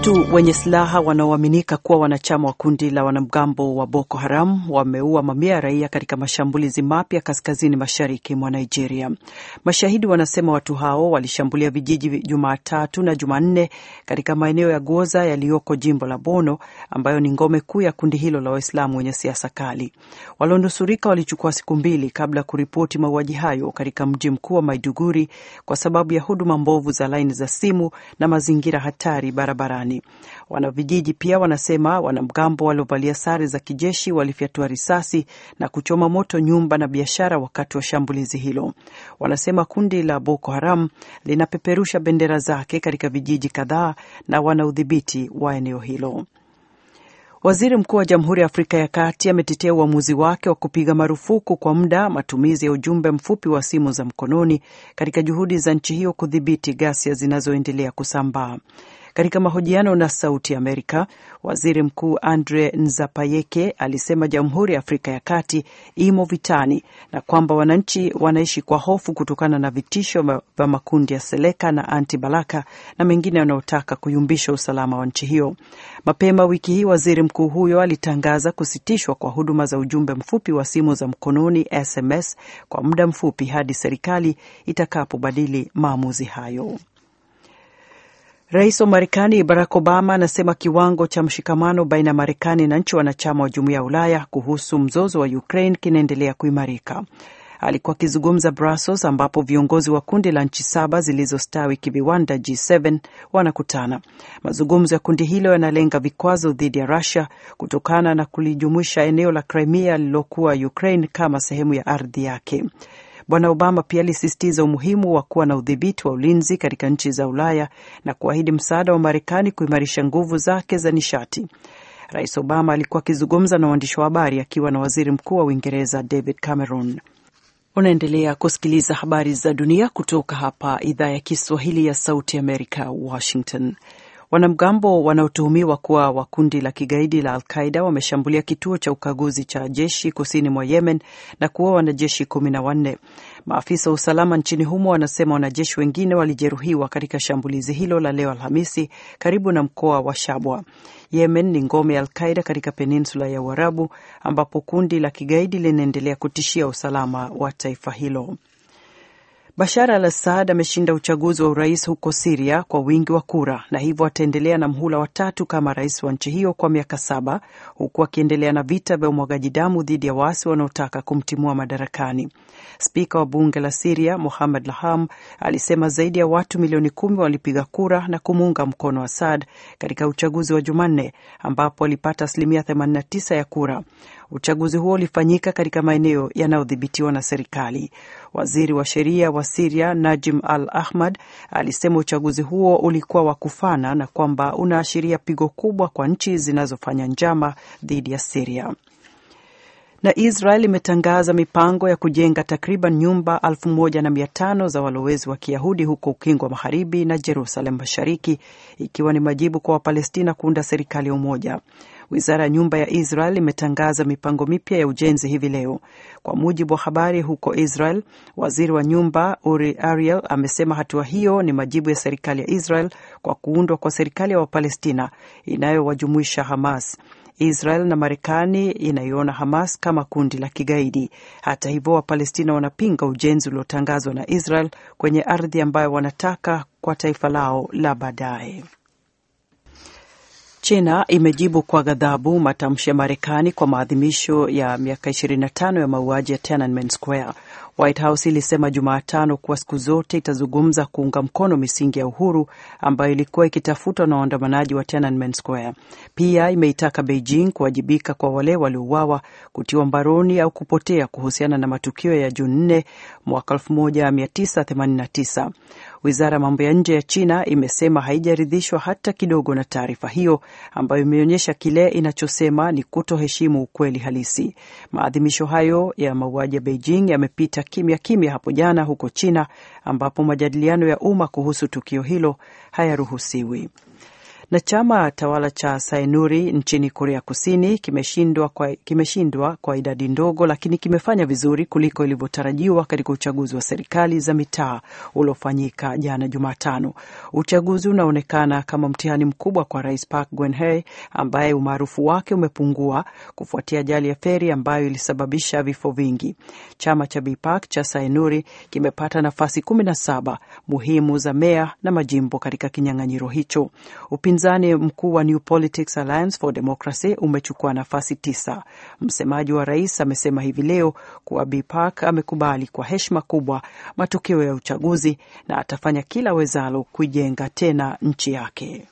Watu wenye silaha wanaoaminika kuwa wanachama wa kundi la wanamgambo wa Boko Haram wameua mamia ya raia katika mashambulizi mapya kaskazini mashariki mwa Nigeria. Mashahidi wanasema watu hao walishambulia vijiji Jumatatu na Jumanne katika maeneo ya Goza yaliyoko jimbo la Bono, ambayo ni ngome kuu ya kundi hilo la Waislamu wenye siasa kali. Walionusurika walichukua siku mbili kabla ya kuripoti mauaji hayo katika mji mkuu wa Maiduguri kwa sababu ya huduma mbovu za laini za simu na mazingira hatari barabarani. Marekani. Wanavijiji pia wanasema wanamgambo waliovalia sare za kijeshi walifyatua risasi na kuchoma moto nyumba na biashara wakati wa shambulizi hilo. Wanasema kundi la Boko Haram linapeperusha bendera zake katika vijiji kadhaa na wana udhibiti wa eneo hilo. Waziri Mkuu wa Jamhuri ya Afrika ya Kati ametetea uamuzi wake wa kupiga marufuku kwa muda matumizi ya ujumbe mfupi wa simu za mkononi katika juhudi za nchi hiyo kudhibiti ghasia zinazoendelea kusambaa. Katika mahojiano na Sauti Amerika, waziri mkuu Andre Nzapayeke alisema Jamhuri ya Afrika ya Kati imo vitani na kwamba wananchi wanaishi kwa hofu kutokana na vitisho vya makundi ya Seleka na Anti Balaka na mengine yanayotaka kuyumbisha usalama wa nchi hiyo. Mapema wiki hii, waziri mkuu huyo alitangaza kusitishwa kwa huduma za ujumbe mfupi wa simu za mkononi SMS kwa muda mfupi hadi serikali itakapobadili maamuzi hayo. Rais wa Marekani Barack Obama anasema kiwango cha mshikamano baina ya Marekani na nchi wanachama wa Jumuiya ya Ulaya kuhusu mzozo wa Ukraine kinaendelea kuimarika. Alikuwa akizungumza Brussels ambapo viongozi wa kundi la nchi saba zilizostawi kiviwanda G7 wanakutana. Mazungumzo ya kundi hilo yanalenga vikwazo dhidi ya Rusia kutokana na kulijumuisha eneo la Crimea lililokuwa Ukraine kama sehemu ya ardhi yake. Bwana Obama pia alisisitiza umuhimu wa kuwa na udhibiti wa ulinzi katika nchi za Ulaya na kuahidi msaada wa Marekani kuimarisha nguvu zake za nishati. Rais Obama alikuwa akizungumza na waandishi wa habari akiwa na waziri mkuu wa Uingereza David Cameron. Unaendelea kusikiliza habari za dunia kutoka hapa idhaa ya Kiswahili ya Sauti Amerika, Washington. Wanamgambo wanaotuhumiwa kuwa wa kundi la kigaidi la Alqaida wameshambulia kituo cha ukaguzi cha jeshi kusini mwa Yemen na kuua wanajeshi kumi na wanne. Maafisa wa usalama nchini humo wanasema wanajeshi wengine walijeruhiwa katika shambulizi hilo la leo Alhamisi karibu na mkoa wa Shabwa. Yemen ni ngome ya Alqaida katika peninsula ya Uarabu, ambapo kundi la kigaidi linaendelea kutishia usalama wa taifa hilo. Bashar al Assad ameshinda uchaguzi wa urais huko Siria kwa wingi wa kura na hivyo ataendelea na mhula watatu kama rais wa nchi hiyo kwa miaka saba huku akiendelea na vita vya umwagaji damu dhidi ya waasi wanaotaka kumtimua madarakani. Spika wa bunge la Siria Mohamed Laham alisema zaidi ya watu milioni kumi walipiga kura na kumuunga mkono Assad katika uchaguzi wa Jumanne ambapo alipata asilimia 89 ya kura. Uchaguzi huo ulifanyika katika maeneo yanayodhibitiwa na serikali. Waziri wa sheria wa Siria Najim Al Ahmad alisema uchaguzi huo ulikuwa wa kufana na kwamba unaashiria pigo kubwa kwa nchi zinazofanya njama dhidi ya Siria na Israel imetangaza mipango ya kujenga takriban nyumba 1500 za walowezi wa Kiyahudi huko Ukingo wa Magharibi na Jerusalem Mashariki, ikiwa ni majibu kwa Wapalestina kuunda serikali ya umoja. Wizara ya nyumba ya Israel imetangaza mipango mipya ya ujenzi hivi leo. Kwa mujibu wa habari huko Israel, waziri wa nyumba Uri Ariel amesema hatua hiyo ni majibu ya serikali ya Israel kwa kuundwa kwa serikali ya Wapalestina inayowajumuisha Hamas. Israel na Marekani inaiona Hamas kama kundi la kigaidi. Hata hivyo, Wapalestina wanapinga ujenzi uliotangazwa na Israel kwenye ardhi ambayo wanataka kwa taifa lao la baadaye. China imejibu kwa ghadhabu matamshi ya Marekani kwa maadhimisho ya miaka 25 ya mauaji ya Tiananmen Square. White House ilisema Jumatano kuwa siku zote itazungumza kuunga mkono misingi ya uhuru ambayo ilikuwa ikitafutwa na waandamanaji wa Tiananmen Square. Pia imeitaka Beijing kuwajibika kwa wale waliouawa, kutiwa mbaroni au kupotea kuhusiana na matukio ya Juni 4 mwaka 1989. Wizara ya mambo ya nje ya China imesema haijaridhishwa hata kidogo na taarifa hiyo ambayo imeonyesha kile inachosema ni kutoheshimu ukweli halisi. Maadhimisho hayo ya mauaji ya Beijing yamepita kimya kimya hapo jana huko China ambapo majadiliano ya umma kuhusu tukio hilo hayaruhusiwi. Na chama tawala cha sainuri nchini Korea Kusini kimeshindwa kwa, kimeshindwa kwa idadi ndogo, lakini kimefanya vizuri kuliko ilivyotarajiwa katika uchaguzi wa serikali za mitaa uliofanyika jana Jumatano. Uchaguzi unaonekana kama mtihani mkubwa kwa Rais Park Geun-hye ambaye umaarufu wake umepungua kufuatia ajali ya feri ambayo ilisababisha vifo vingi. Chama cha Bipak cha sainuri kimepata nafasi saba muhimu za meya na majimbo katika kinyang'anyiro hicho. Upinzani Upinzani mkuu wa New Politics Alliance for Democracy umechukua nafasi tisa. Msemaji wa rais amesema hivi leo kuwa Bi Park amekubali kwa heshima kubwa matokeo ya uchaguzi na atafanya kila wezalo kuijenga tena nchi yake.